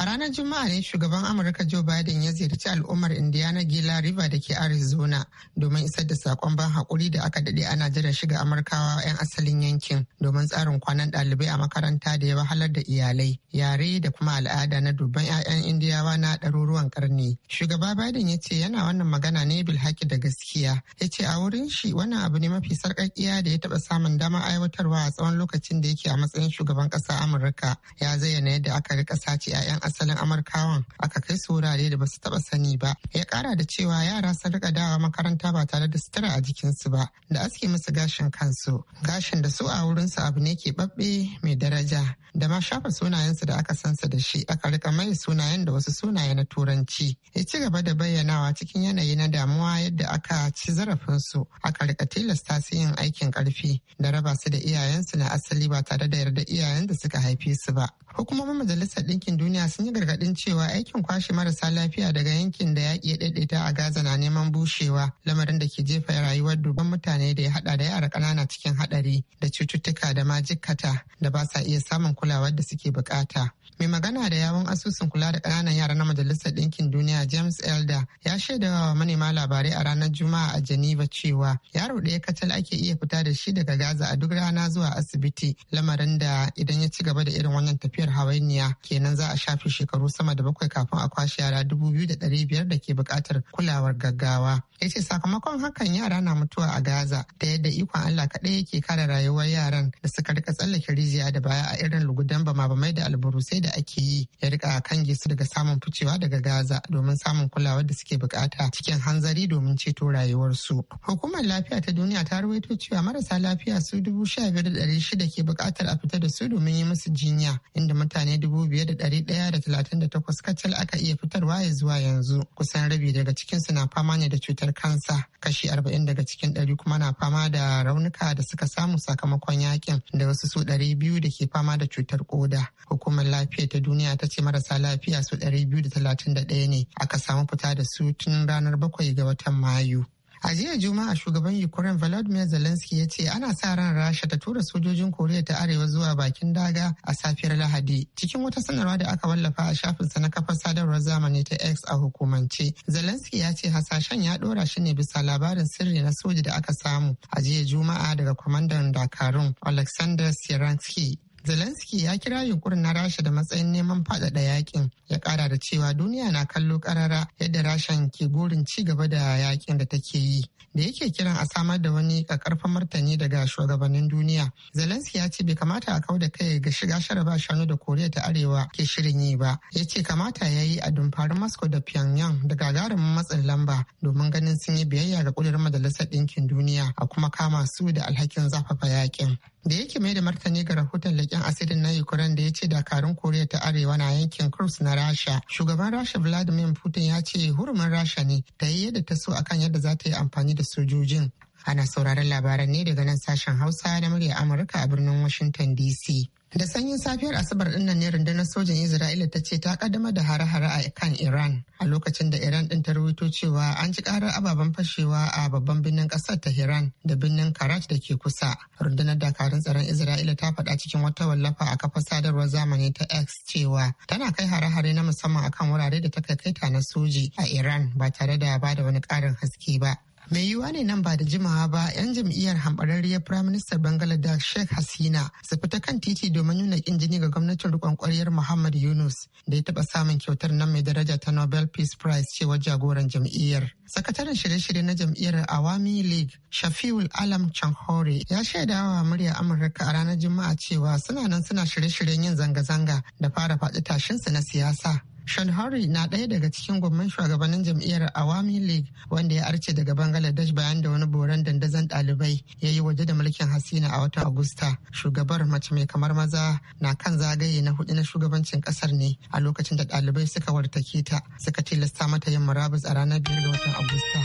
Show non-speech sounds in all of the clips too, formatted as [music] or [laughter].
A ranar Juma'a ne shugaban Amurka Joe Biden ya ziyarci al'ummar Indiana Gila River da ke Arizona domin isar da sakon ban haƙuri da aka dade ana jiran shiga Amurkawa 'yan asalin yankin domin tsarin kwanan ɗalibai a makaranta da ya wahalar da iyalai, yare da kuma al'ada na dubban 'ya'yan Indiyawa na ɗaruruwan ƙarni. Shugaba Biden ya ce yana wannan magana ne bilhaki da gaskiya. Ya ce a wurin shi wannan abu ne mafi sarƙaƙiya da ya taɓa samun damar aiwatarwa a tsawon lokacin da yake a matsayin shugaban ƙasa Amurka. Ya zayyana yadda aka rika sace 'ya'yan asalin amurkawan aka kai su wurare da basu taba sani ba ya kara da cewa yara sun rika dawa makaranta ba tare da sutura a jikinsu ba da aske musu gashin kansu gashin da su a wurinsu abu ne ke babbe mai daraja da ma shafa sunayensu da aka sansa da shi aka rika mai sunayen da wasu sunaye na turanci ya ci gaba da bayyanawa cikin yanayi na damuwa yadda aka ci zarafinsu aka rika tilasta su yin aikin karfi da raba su da iyayensu na asali ba tare da yarda iyayen da suka haife su ba hukumomin majalisar ɗinkin duniya sun yi gargaɗin cewa aikin kwashe marasa lafiya daga yankin da yaƙi ya daidaita a Gaza na neman bushewa lamarin da ke jefa rayuwar dubban mutane da ya haɗa da yara ƙanana cikin haɗari da cututtuka da ma da ba sa iya samun kulawar da suke bukata. Mai magana da yawon asusun kula da ƙananan yara na Majalisar Ɗinkin Duniya James Elder ya shaidawa manema labarai a ranar Juma'a a Geneva cewa yaro ɗaya kacal ake iya fita da shi daga Gaza a duk rana zuwa asibiti lamarin da idan ya ci gaba da irin wannan tafiyar hawainiya kenan za a shafi shekaru sama da bakwai kafin a kwashe yara dubu biyu da ɗari biyar da ke buƙatar kulawar gaggawa. Ya ce sakamakon hakan yara na mutuwa a Gaza da yadda ikon Allah kaɗai yake kare rayuwar yaran da suka rika tsallake rijiya da baya a irin lugudan bama-bamai da alburusai da ake yi ya rika kange su daga samun ficewa daga Gaza domin samun kulawar da suke buƙata cikin hanzari domin ceto rayuwarsu. Hukumar lafiya ta duniya ta ruwaito cewa marasa lafiya su dubu sha biyar da ɗari shida ke buƙatar a fita da su domin yi musu jinya inda mutane dubu biyar da ɗari ɗaya takwas kacal aka iya fitarwa ya zuwa yanzu kusan rabi daga cikinsu na fama ne da cutar kansa kashi arba'in daga cikin ɗari kuma na fama da raunuka da suka samu sakamakon yakin da wasu su biyu da ke fama da cutar koda hukumar lafiya ta duniya ta ce marasa lafiya su ɗaya ne aka samu fita da su tun ranar bakwai ga watan mayu A jiya Juma'a shugaban Ukraine Volodymyr Zelensky ya ce ana sa ran Rasha ta tura sojojin Koriya ta Arewa zuwa bakin daga a safiyar Lahadi. Cikin wata sanarwa da aka wallafa a shafinsa na kafar sadarwar zamani ta X a hukumance, Zelensky ya ce hasashen ya dora shi ne bisa labarin sirri na soji da aka samu a jiya Juma'a daga kwamandan Dakarun Alexander Siransky Zelensky ya kira yunkurin na Rasha da matsayin neman faɗaɗa yakin ya ƙara da cewa duniya na kallo ƙarara yadda Rashan ke burin ci gaba da yakin da take yi. Da yake kiran a samar da wani kakarfan martani daga shugabannin duniya. Zelensky ya ce bai kamata a kau da kai ga shiga sharaba shanu da Koriya ta Arewa ke shirin yi ba. Ya ce kamata ya yi a dumfarin Moscow da Pyongyang da gagarumin matsin lamba domin ganin sun yi biyayya ga ƙudurin Majalisar Ɗinkin Duniya a kuma kama su da alhakin zafafa yakin. Da yake mai da martani ga rahoton leƙen asirin na Ukraine da ya ce dakarun Koriya ta Arewa na yankin Kurs na Rasha. Shugaban Rasha Vladimir Putin ya ce hurumin Rasha ne ta yi yadda ta so akan yadda za ta yi amfani da sojojin. Ana sauraron labaran ne daga nan sashen Hausa na murya Amurka a birnin Washington DC. Da sanyin safiyar Asabar din ne rundunar sojan Isra'ila ta ce ta kaddama da hare-hare a kan Iran a lokacin da Iran din ta rubuto cewa an ci karar ababen fashewa a babban birnin kasar Tehran da birnin Karat da ke kusa. Rundunar dakarun tsaron Isra'ila ta faɗa cikin wata wallafa a kafar sadarwar zamani ta X cewa tana kai hare-hare na musamman akan wurare da ta kai kaita na soji a Iran ba tare da ba da wani ƙarin haske ba. mai yiwuwa ne nan ba da jimawa ba 'yan jam'iyyar hambararriyar firaministan bangladesh sheikh hasina su fita kan titi domin nuna kin jini ga gwamnatin rikon kwaryar muhammad yunus da ya taba samun kyautar nan mai daraja ta nobel peace prize cewa jagoran jam'iyyar sakataren shirye-shirye na jam'iyyar awami league shafiul alam chanhore ya shaidawa murya amurka a ranar juma'a cewa suna nan suna shirye-shiryen yin zanga-zanga da fara faɗi tashinsu na siyasa Sean Harry na ɗaya daga cikin gwamman shugabannin jam'iyyar Awami League wanda ya arce daga bangaladesh bayan da wani boran dandazon ɗalibai ya yi waje da mulkin Hasina a watan Agusta. Shugabar mace mai kamar maza na kan zagaye na hudu na shugabancin ƙasar ne a lokacin da ɗalibai suka wartake ta suka tilasta mata yin murabus a ranar biyar ga watan Agusta.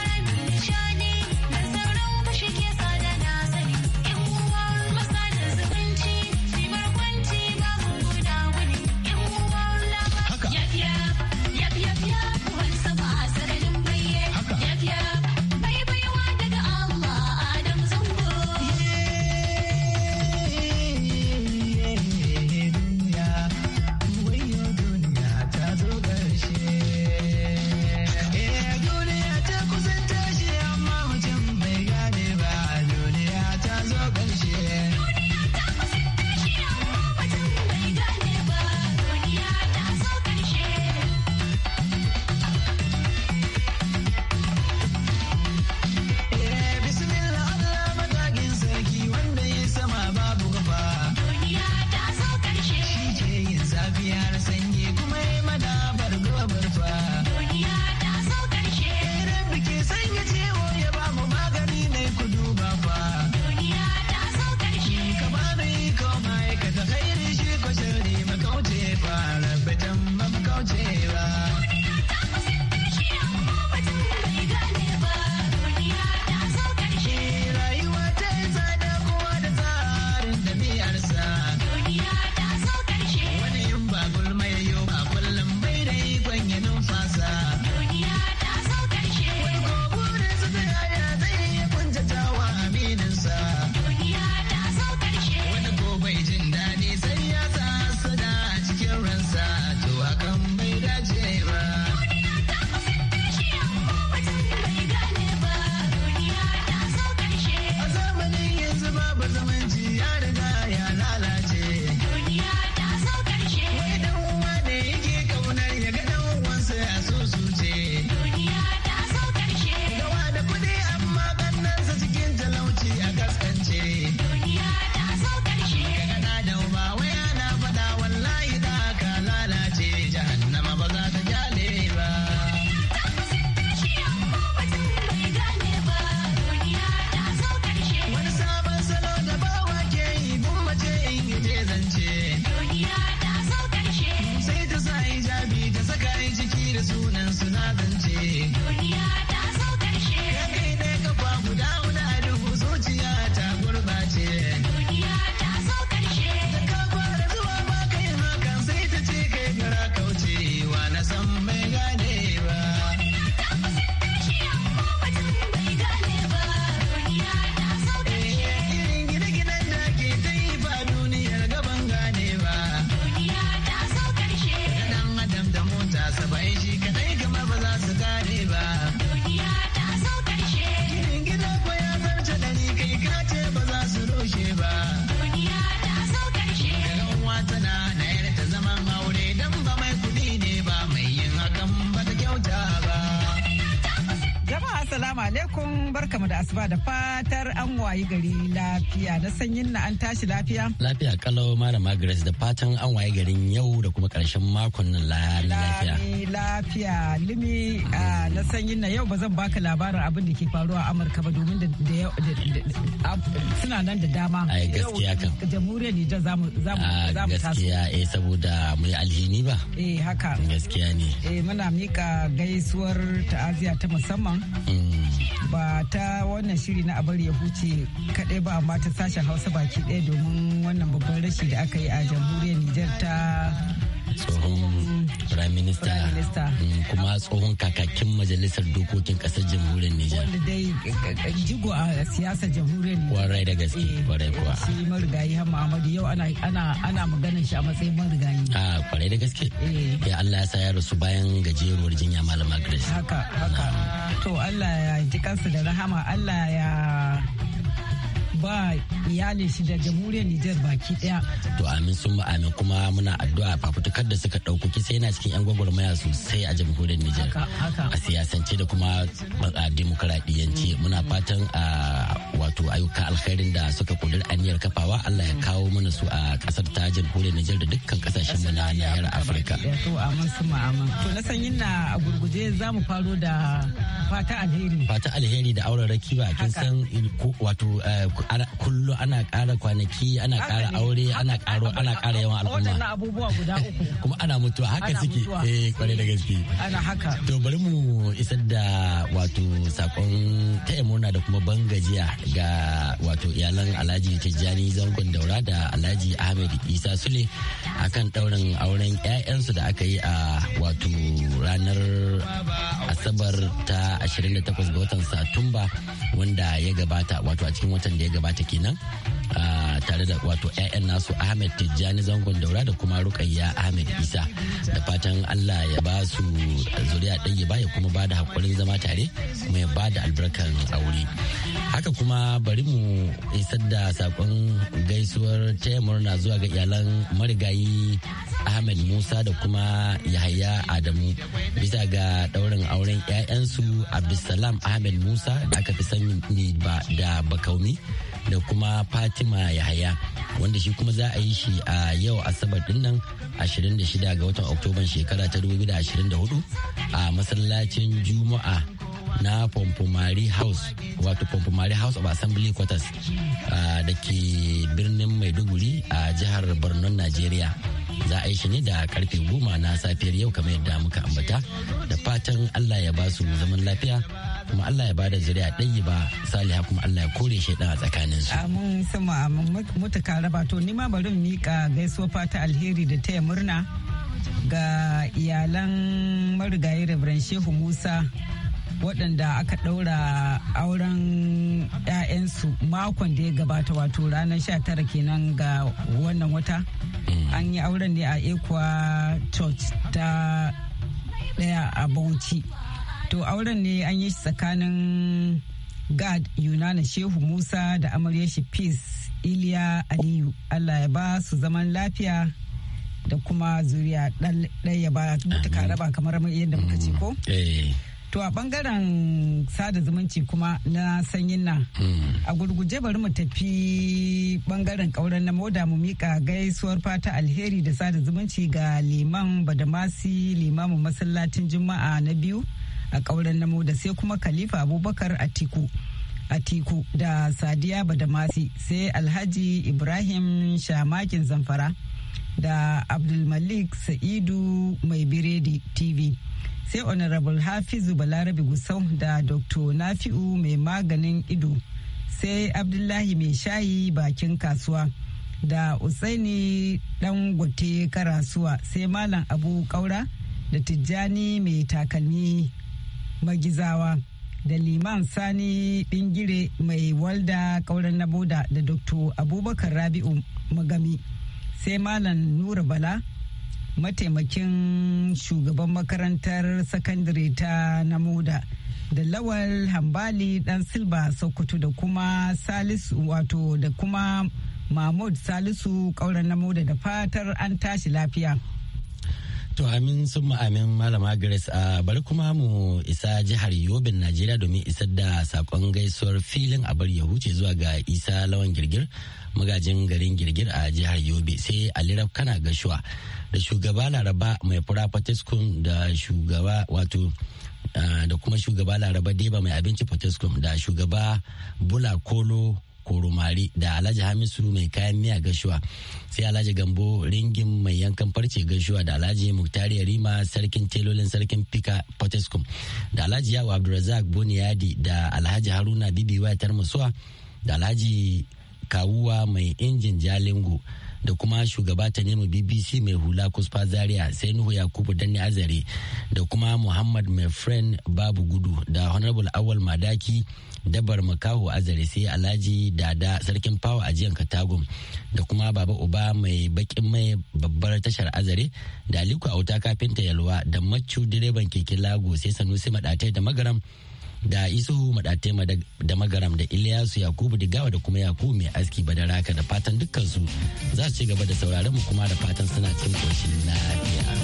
alaikum barkamu da asuba da fatar an wayi gari lafiya na sanyin na an tashi lafiya. Lafiya kalau malama Grace da fatan an wayi garin yau da kuma karshen makon nan lafiya. Lafiya limi mm. na sanyin na yau ba zan baka labarin abin da ke faruwa a Amurka ba domin da suna nan da dama. Ai gaskiya kan. Jamhuriyar Nijar za mu ah, Gaskiya eh saboda mu yi alhini ba. Eh haka. Gaskiya ne. Eh muna mika gaisuwar ta'aziya ta musamman. Mm. ba ta wannan shiri na abar ya huce kadai ba amma ta sashen hausa baki ɗaya domin wannan babban rashi da aka yi a jamhuriyar nijar ta tsohon prime minister mm, kuma tsohon kakakin majalisar dokokin kasar jamhuriyar Nijar. Wanda dai eh, jigo a siyasar jamhuriyar Nijar. Kwarai da gaske eh, kwarai kuwa. Eh, shi marigayi har Muhammadu yau ana ana ana maganar shi a matsayin marigayi. A ah, kwarai da gaske. Ya Allah ya sa ya rasu bayan gajeruwar jinya malama Grace. Haka haka. To Allah ya ji kansu da rahama Allah ya ba iyalin shi da jamhuriyar Nijar baki daya. To amin sun ba amin kuma muna addu'a fafutukar da suka dauko kisa yana cikin yan gwagwarmaya sosai a jamhuriyar Nijar. A siyasance da kuma a demokradiyyanci mm. muna fatan a wato ayyuka alkhairin da suka kudur aniyar kafawa Allah ya mm. kawo mana su a kasar ta jamhuriyar Nijar da dukkan kasashen mu na nahiyar Afirka. To amin sun ba amin. To na san yin na a gurguje za mu faro da fata alheri. Fata alheri da auren rakiba kin san wato eh, kullu ana ƙara kwanaki ana ƙara aure ana ƙaro ana ƙara yawan al'umma [laughs] kuma ana mutuwa haka suke eh kwarai da gaske ana haka to bari mu isar da wato sakon taya murna da kuma ban gajiya ga wato iyalan Alhaji Tijjani Zangon Daura da Alhaji Ahmed Isa Sule akan daurin auren ƴaƴansu da aka yi a wato ranar Asabar ta 28 ga watan Satumba wanda ya gabata wato a cikin watan da ya gabata gabata kenan tare da wato 'ya'yan nasu ahmed tijjani zangon daura da kuma rukayya ahmed isa da fatan allah ya ba su zuriya ɗaya ba ya kuma ba da haƙurin zama tare kuma ya ba da albarkan aure haka kuma bari mu isar da saƙon gaisuwar taya murna zuwa ga iyalan marigayi ahmed musa da kuma yahaya adamu bisa ga ɗaurin auren 'ya'yansu abdulsalam ahmed musa da aka fi sani da bakaumi da kuma fatima yahaya wanda shi kuma za a yi shi a yau asabar din nan 26 ga watan oktoban shekara ta 2024 a masallacin juma'a na Pompomari House wato Pompomari House of Assembly Quarters da ke birnin Maiduguri a jihar Borno Najeriya. Za a yi shi ne da karfe goma na safiyar yau kamar yadda muka ambata da fatan Allah ya ba su zaman lafiya kuma Allah ya bada zuriya ɗayi ba saliha kuma Allah ya kore shi a tsakanin su. Amin sama amin mutuka raba to ni ma bari mika gaisuwa fata alheri da taya murna ga iyalan marigayi rabiran Shehu Musa waɗanda aka ɗaura auren 'ya'yansu makon da ya gabata wato ranar sha tara kenan ga wannan wata mm. an yi auren ne a ekuwa church ta ɗaya a bauchi To auren ne an yi tsakanin Gad Yunana Shehu Musa da amaryar shi Peace Iliya Aliyu. Allah ya ba su zaman lafiya da kuma zuriya ya ba mutuka raba kamar yadda muka ce ko? Mm. Eh. To a bangaren sada zumunci kuma na sanyin nan mm. a gurguje bari mu tafi bangaren kauran na moda mu mika gaisuwar fata alheri da sada zumunci ga liman badamasi limamin masallacin juma'a na biyu a ƙauren namo da sai kuma khalifa abubakar atiku atiku da sadiya badamasi sai alhaji ibrahim shamakin zamfara da abdulmalik sa'idu mai biredi tv sai honorable hafizu balarabe gusau da dr nafi'u mai maganin ido sai abdullahi mai shayi bakin kasuwa da usaini gote karasuwa sai malam abu kaura da tijjani mai takalmi magizawa da liman sani bingire mai walda kauran na boda da dr abubakar rabi'u magami sai malam nura bala mataimakin shugaban makarantar sakandare ta namoda da lawal hambali dan silba sokoto da kuma salisu wato da kuma mahmud salisu kauran namoda da fatar an tashi lafiya To amin sun amin malama Grace a ah, bari kuma mu isa jihar Yobin Najeriya domin isar da sakon gaisuwar filin a bari ya huce zuwa ga Isa Lawan Girgir magajin garin Girgir a jihar Yobe sai Alirab kana gashuwa da shugaba Laraba mai fura da shugaba wato ah, da kuma shugaba Laraba Deba mai abinci Fateskum da shugaba Bula Kolo koromari da alhaji hamisu mai kayan miya gashuwa sai alhaji gambo ringin mai yankan farce gashuwa da alhaji muktari rima sarkin telolin sarkin Pika potescom da alhaji yawo abdulrazak boniyadi da alhaji haruna bibi wayatar musuwa da alhaji kawuwa mai injin jalingo da kuma shugaba ta nemi bbc mai hula kuspa zaria sai nuhu yakubu danne azare da kuma muhammad mai babu gudu da honorable awal madaki dabar makaho azare sai alhaji dada sarkin fawa jiyan katagum da kuma baba uba mai bakin mai babbar tashar azare da aliko auta kafinta yalwa da macu direban keke lago sai sanusi madatai da magaram da isu madatai da magaram da iliyasu yakubu digawa da kuma yakubu mai aski badaraka da fatan dukkansu za su ci gaba da sauraron mu kuma da fatan suna cin koshin lafiya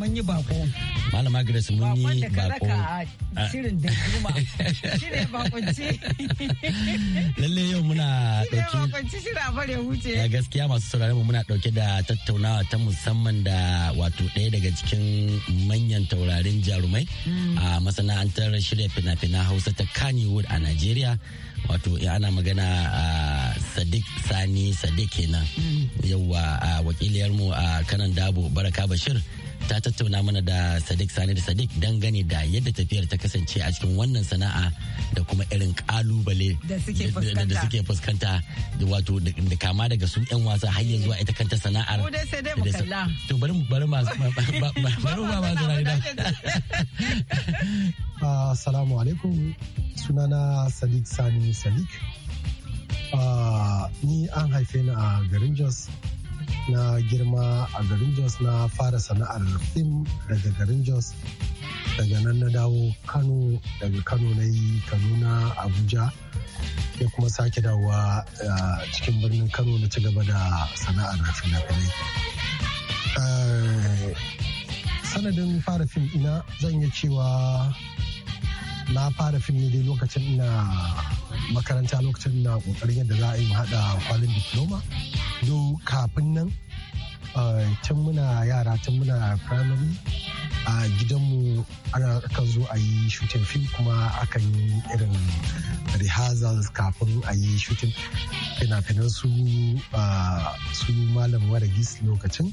mun yi bako. Malama Grace mun yi bako. a shirin da kuma. [laughs] Shirin bakonci. Lalle yau muna Shirin bakonci shirin a bare huce. Ya gaskiya masu sauraron mu muna ɗauke da tattaunawa ta musamman da wato ɗaya daga cikin manyan taurarin jarumai hmm. a masana'antar shirya fina-finan Hausa ta Kannywood a Najeriya. wato ana magana a sadiq sani sadiq kenan hmm. yauwa a wakiliyarmu a kanan dabo baraka bashir ta tattauna mana da sadiq sani da sadiq dangane da yadda tafiyar ta kasance a cikin wannan sana'a da kuma irin kalubale da suke fuskanta wato da kama daga su yan wasa har yanzu a ita kanta sana'ar to bari mu bari masu bari ba masu rayuwa [laughs] ah, assalamu alaikum sunana sadiq sani sadiq ah, ni an haife ni a garin jos na girma a garin jos na fara sana'ar fim daga garin jos daga nan na dawo kano daga kano na yi kaduna abuja ya kuma sake dawowa eh, cikin birnin kano na ci gaba da sana'ar fina-finai eh, sanadin fara fim ina zan yi cewa na fara fim ne dai lokacin na makaranta lokacin na kokarin yadda za a yi haɗa kwalin diploma do kafin nan eh, tun muna yara tun muna primary a gidanmu ana kan zo a yi shooting film kuma aka yi irin rehearsals kafin a yi shooting fina-finan su ah, malam wara gis lokacin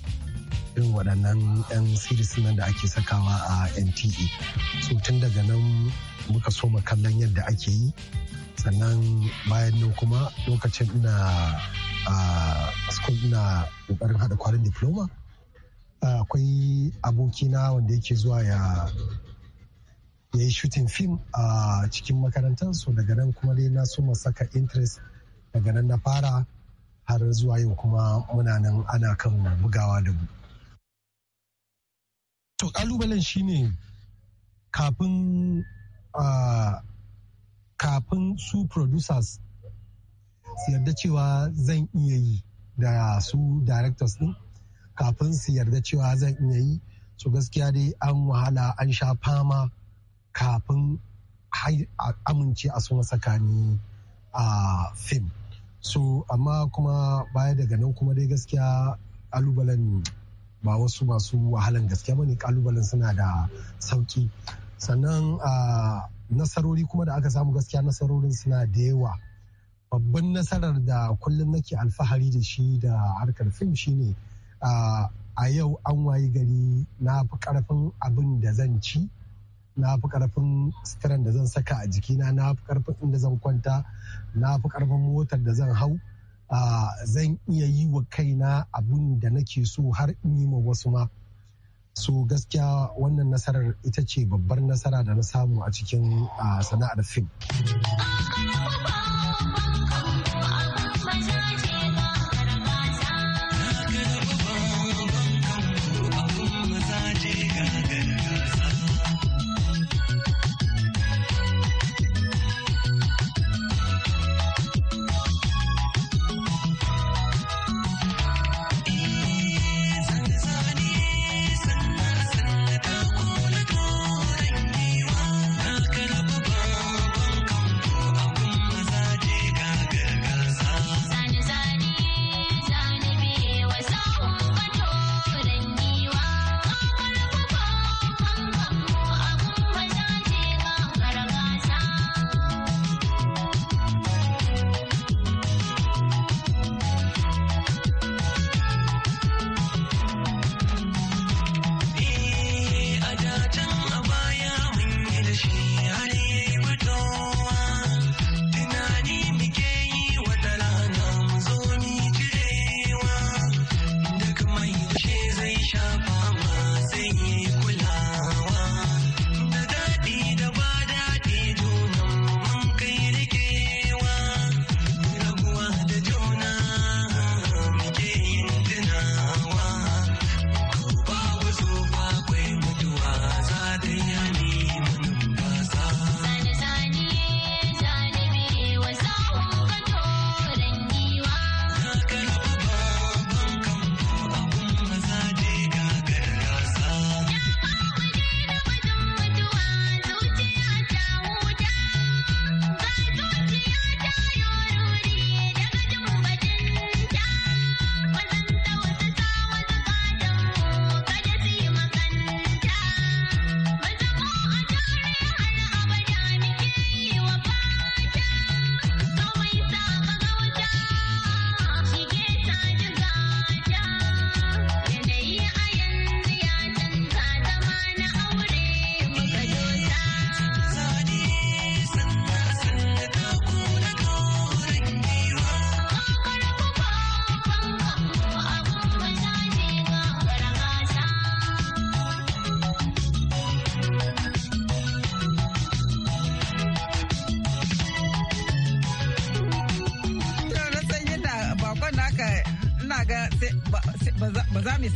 irin waɗannan 'yan series nan da ake sakawa a NTA. So tun daga nan muka so kallon yadda ake yi. Sannan bayan nan kuma lokacin ina a school ina ƙoƙarin haɗa kwarin diploma. Akwai abokina wanda yake zuwa ya ya yi shooting film a cikin makarantar so daga nan kuma dai na so saka interest daga nan na fara har zuwa yau kuma muna nan ana kan bugawa da To kalubalen shine kafin kafin su producers su yarda cewa zan iya yi da su directors din kafin su yarda cewa zan iya yi su gaskiya dai an wahala an sha fama kafin amince a suna sakani a fim so amma kuma baya daga nan kuma dai gaskiya alubalen ba wasu masu wahalan gaske ba ne kalubalen suna da sauki sannan nasarori kuma da aka samu gaskiya nasarorin suna da yawa babban nasarar da kullum nake alfahari da shi da harkar fim shine a yau an wayi gari na fi karfin abin da zan ci na fi karfin sitiran da zan saka a jikina na fi karfin inda zan kwanta na fi karfin motar da zan hau zan iya yi wa kaina abun da nake so har in yi ma wasu ma so gaskiya wannan nasarar ita ce babbar nasara da na samu a cikin sana'ar fim.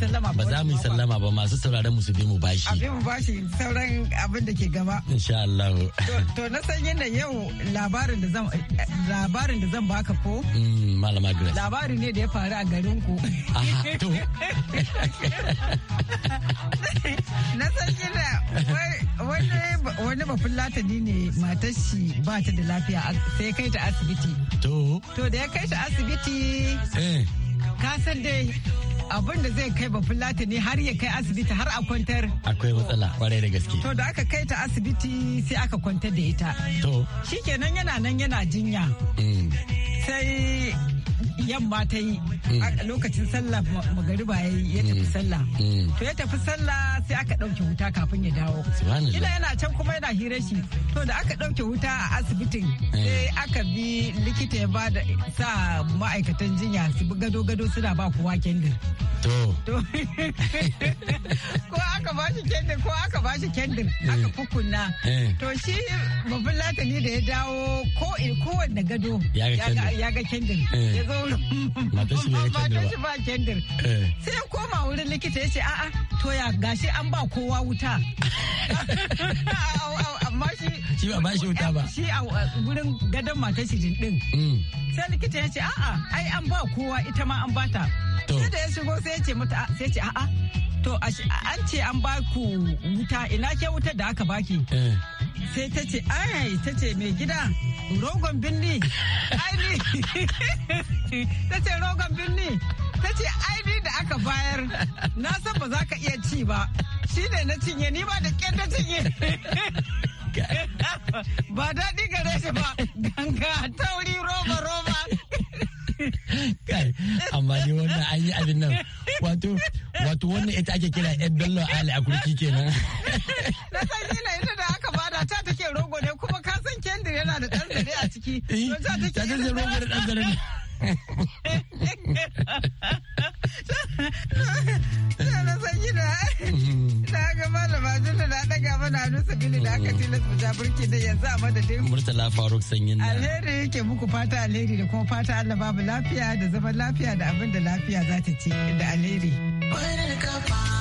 sallama ba za mu yi sallama ba masu sauraron mu su bi mu bashi a bi mu bashi sauran abin da ke gaba insha Allah to na san nan yau labarin da zan labarin da zan baka ko mm, malama Grace labari ne da ya faru a garin ku to [laughs] na san yana wani wani bafin ne matar shi ba ta da lafiya sai kai ta asibiti to to da ya kai ta asibiti eh. ka san dai abin da zai kai bafulata ne har ya kai asibiti har a kwantar akwai matsala kwarai da gaske to da aka kai ta asibiti sai aka kwantar da ita to shikenan yana nan yana jinya mm. sai yamma ta yi mm. lokacin sallah magariba ya yi ya tafi mm. sallah to ya tafi sallah sai aka ɗauke wuta kafin ya dawo. ina yana can kuma yana hira shi. To da aka ɗauke wuta a asibitin eh. sai aka bi likita ya ba da sa ma'aikatan jinya su bi gado-gado suna ba kowa kendir. To. [laughs] Ko aka ba shi kendir ko aka ba shi kendir eh. aka kukunna. Eh. To shi babban latani da ya dawo ko kowanne gado ya ga kendir. Ya zo mata [laughs] shi ba kendir. Sai ya koma wurin likita ya ce a'a to ya gashi an ba kowa wuta amma shi shi ba ba shi wuta ba shi a gurin gadon matar shi din mm. sai likita ya ce a'a ai an ba kowa ita ma an bata sai da ya shigo sai ya ce mata sai ce a'a to an ce an ba ku wuta ina ke wutar da aka baki eh. sai ta ce ai ta ce mai gida rogon binni ai ni [laughs] ta ce rogon binni ta ce ID da aka bayar na san ba za ka iya ci ba shi ne na cinye ni ba da ƙyar ta cinye [laughs] ba daɗi gare shi ba ganga tauri roba roba kai amma ni wannan an yi abin nan wato wato wannan ita ake kira yan bello ali a kurki kenan [laughs] na san na ita da aka bada ta take rogo ne kuma ka san kendir yana da ɗan zare a ciki eh, ta take rogo da ɗan zare ne [laughs] Sana sanyi na na ga malama jinda na daga mana hannu sabili da aka tilas mu burki da yanzu a madadin. Murtala Faruk sanyin da Alheri yake muku fata alheri da kuma fata Allah babu lafiya da zaman lafiya da abin da lafiya za ta ci da alheri. Wani kafa.